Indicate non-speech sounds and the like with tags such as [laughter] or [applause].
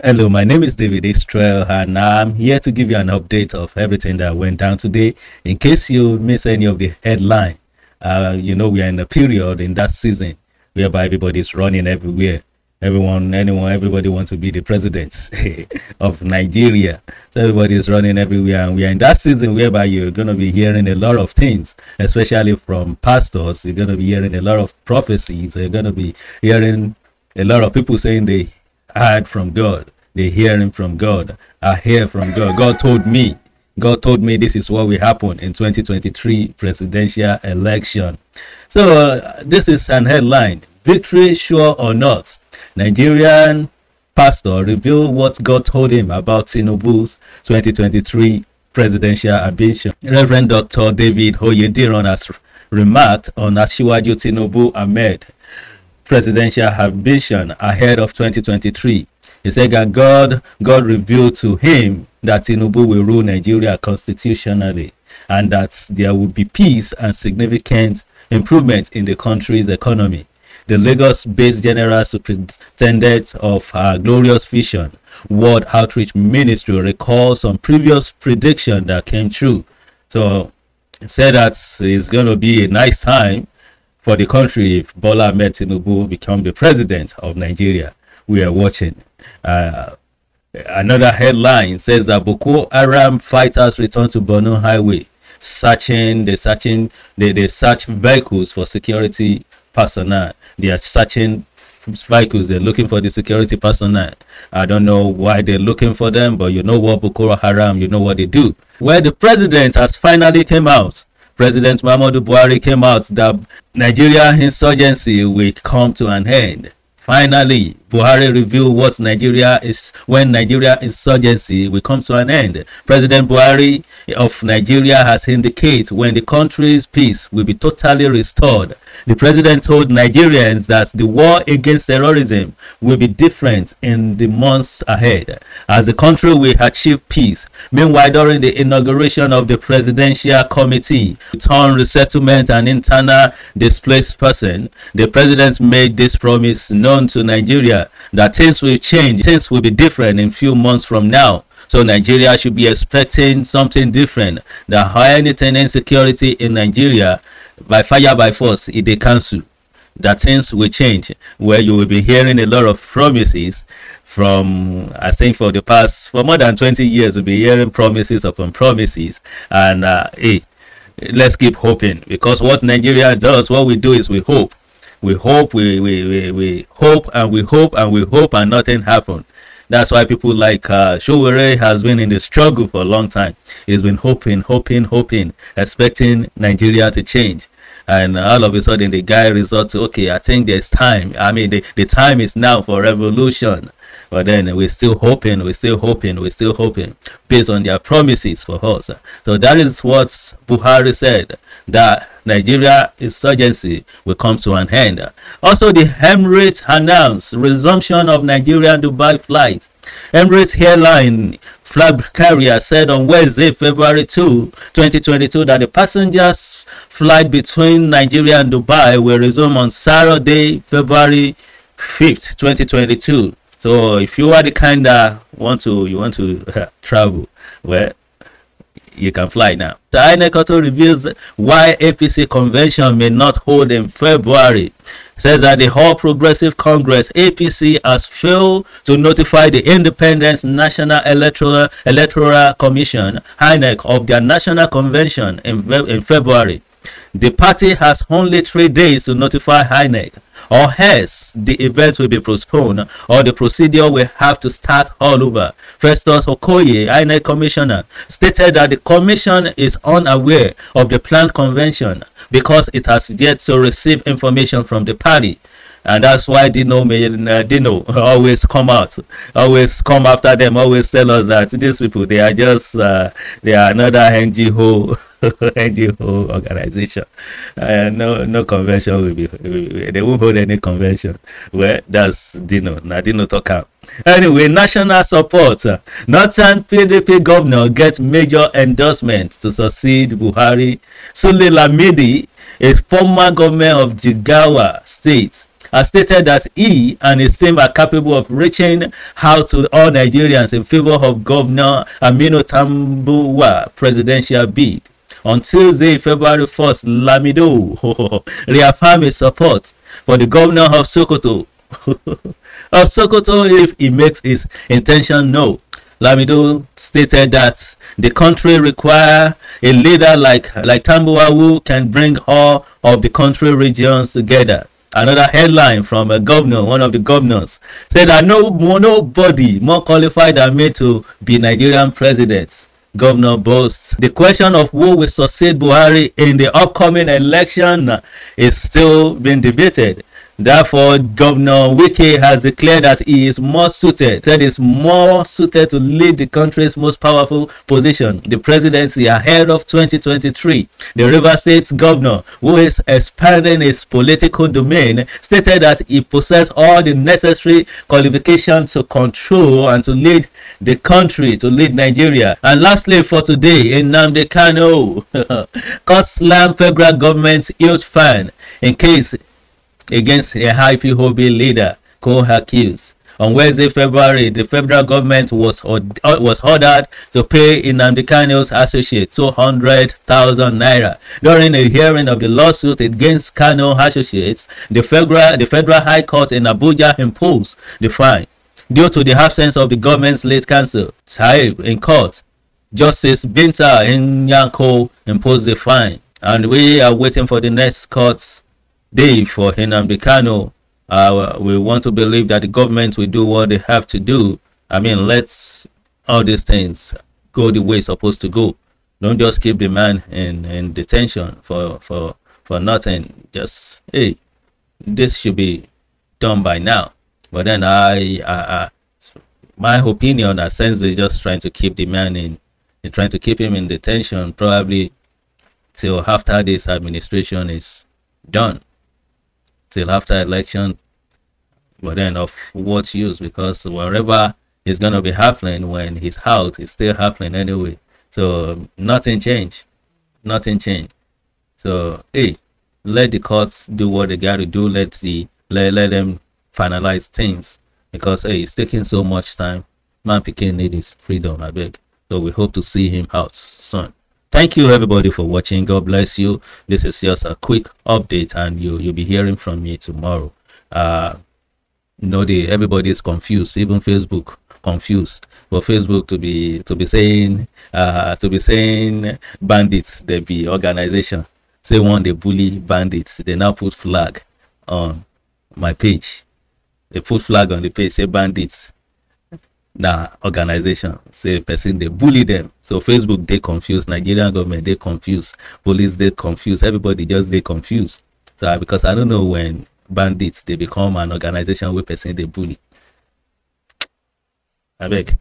Hello, my name is David Israel, and I'm here to give you an update of everything that went down today. In case you miss any of the headline, uh, you know we are in a period in that season whereby everybody's running everywhere. Everyone, anyone, everybody wants to be the president [laughs] of Nigeria. So everybody's running everywhere, and we are in that season whereby you're going to be hearing a lot of things, especially from pastors. You're going to be hearing a lot of prophecies. You're going to be hearing a lot of people saying they heard from God. They're hearing from God. I hear from God. God told me. God told me this is what will happen in 2023 presidential election. So uh, this is an headline: Victory sure or not? Nigerian pastor revealed what God told him about Tinubu's 2023 presidential ambition. Reverend Dr. David Hoyediron has remarked on Asiwaju Tinubu Ahmed presidential ambition ahead of 2023. He said that God, God revealed to him that Tinubu will rule Nigeria constitutionally and that there will be peace and significant improvement in the country's economy. The Lagos-based General Superintendent of Glorious Vision World Outreach Ministry recalls some previous prediction that came true. So said that it's going to be a nice time for the country if Bola Ahmed Tinubu become the president of Nigeria. We are watching. Uh, another headline says that Boko Haram fighters return to Borno Highway, searching, they searching, they, they search vehicles for security personnel. They are searching vehicles. They're looking for the security personnel. I don't know why they're looking for them, but you know what Boko Haram, you know what they do. Where the president has finally came out President Muhammadu Buhari came out that Nigeria insurgency will come to an end. Finally, Buhari reveal what Nigeria is when Nigeria insurgency will come to an end. President Buhari of Nigeria has indicated when the country's peace will be totally restored. The president told Nigerians that the war against terrorism will be different in the months ahead as the country will achieve peace. Meanwhile, during the inauguration of the Presidential Committee return Resettlement and Internal Displaced Person, the president made this promise known to Nigeria that things will change, things will be different in few months from now. So Nigeria should be expecting something different. The high tenant security in Nigeria by fire by force if they cancel. That things will change. Where you will be hearing a lot of promises from I think for the past for more than 20 years we'll be hearing promises upon promises and uh, hey let's keep hoping because what Nigeria does what we do is we hope we hope, we, we, we, we hope, and we hope, and we hope, and nothing happened. That's why people like uh, Showere has been in the struggle for a long time. He's been hoping, hoping, hoping, expecting Nigeria to change. And all of a sudden, the guy resorts to, okay, I think there's time. I mean, the, the time is now for revolution. But then we're still hoping, we're still hoping, we're still hoping based on their promises for us. So that is what Buhari said that Nigeria insurgency will come to an end. Also, the Emirates announced resumption of Nigerian Dubai flights. Emirates Airline flag carrier said on Wednesday, February 2, 2022, that the passengers' flight between Nigeria and Dubai will resume on Saturday, February 5th, 2022. So if you are the kind that want to you want to [laughs] travel, well, you can fly now. The INEC also reveals why APC convention may not hold in February. Says that the whole Progressive Congress APC has failed to notify the Independence National Electoral Electoral Commission (INEC) of their national convention in, in February. The party has only three days to notify INEC or has the event will be postponed or the procedure will have to start all over. Festus Okoye, INEC Commissioner, stated that the Commission is unaware of the planned convention because it has yet to receive information from the party and that's why Dino uh, Dino [laughs] always come out, always come after them, always tell us that these people they are just uh, they are another NGO [laughs] [laughs] NGO organization. Uh, no, no convention will be. They won't hold any convention. Well, that's Dino. Now Dino talk out. Anyway, national support. Northern PDP governor gets major endorsement to succeed Buhari. Sule Lamidi, a former governor of Jigawa State, has stated that he and his team are capable of reaching out to all Nigerians in favor of Governor Aminu Tambuwa presidential bid. on Tuesday, February 1st, Lamido reaffirmed his [laughs] support for the governor of Sokoto. [laughs] of Sokoto, if he makes his intention known. Lamido stated that the country require a leader like like Tambuwa who can bring all of the country regions together. Another headline from a governor, one of the governors, said that no nobody more qualified than me to be Nigerian president governor boasts. The question of who will succeed Buhari in the upcoming election is still being debated. Therefore, Governor Wike has declared that he is more suited, is, is more suited to lead the country's most powerful position, the presidency ahead of 2023. The River State governor, who is expanding his political domain, stated that he possesses all the necessary qualifications to control and to lead the country, to lead Nigeria. And lastly, for today, in Namdekanu, Kano, [laughs] slam federal government's huge fine in case against a high hobby leader, Koha On Wednesday, February, the federal government was uh, was ordered to pay Inamdi Kano's associate 200,000 naira. During a hearing of the lawsuit against Kano associates, the federal the federal high court in Abuja imposed the fine due to the absence of the government's late counsel Saib in court. Justice Binta in Yanko imposed the fine, and we are waiting for the next court's day for Henan Kano. Uh, we want to believe that the government will do what they have to do. I mean, let's all these things go the way it's supposed to go. Don't just keep the man in, in detention for, for, for nothing. Just, hey, this should be done by now. But then I, I, I my opinion, I sense they're just trying to keep the man in, they're trying to keep him in detention probably till after this administration is done till after election. But then of what use? Because wherever is going to be happening when he's out, is still happening anyway. So nothing changed. Nothing changed. So, hey, let the courts do what they got to do. Let the let, let them finalize things because hey, it's taking so much time. Man, Piquet need his freedom, I beg. So we hope to see him out soon thank you everybody for watching god bless you this is just a quick update and you you'll be hearing from me tomorrow uh you know the everybody is confused even facebook confused for facebook to be to be saying uh to be saying bandits they be organization say one they bully bandits they now put flag on my page they put flag on the page say bandits the organization say person they bully them so facebook they confused nigerian government they confused police they confused everybody just they confused so because i don't know when bandits they become an organization where person they bully i beg